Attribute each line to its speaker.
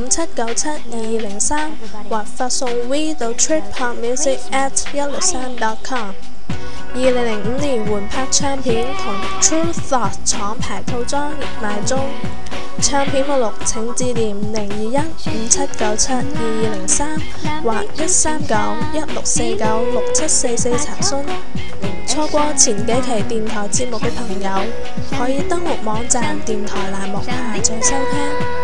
Speaker 1: 五七九七二二零三或發送 V 到 triphopmusic at 163.com。二零零五年換拍唱片同 True Thought 廠牌套裝熱賣中。唱片目錄請致電零二一五七九七二二零三或一三九一六四九六七四四查詢。錯過前幾期電台節目嘅朋友，可以
Speaker 2: 登錄網站電台欄目下載收聽。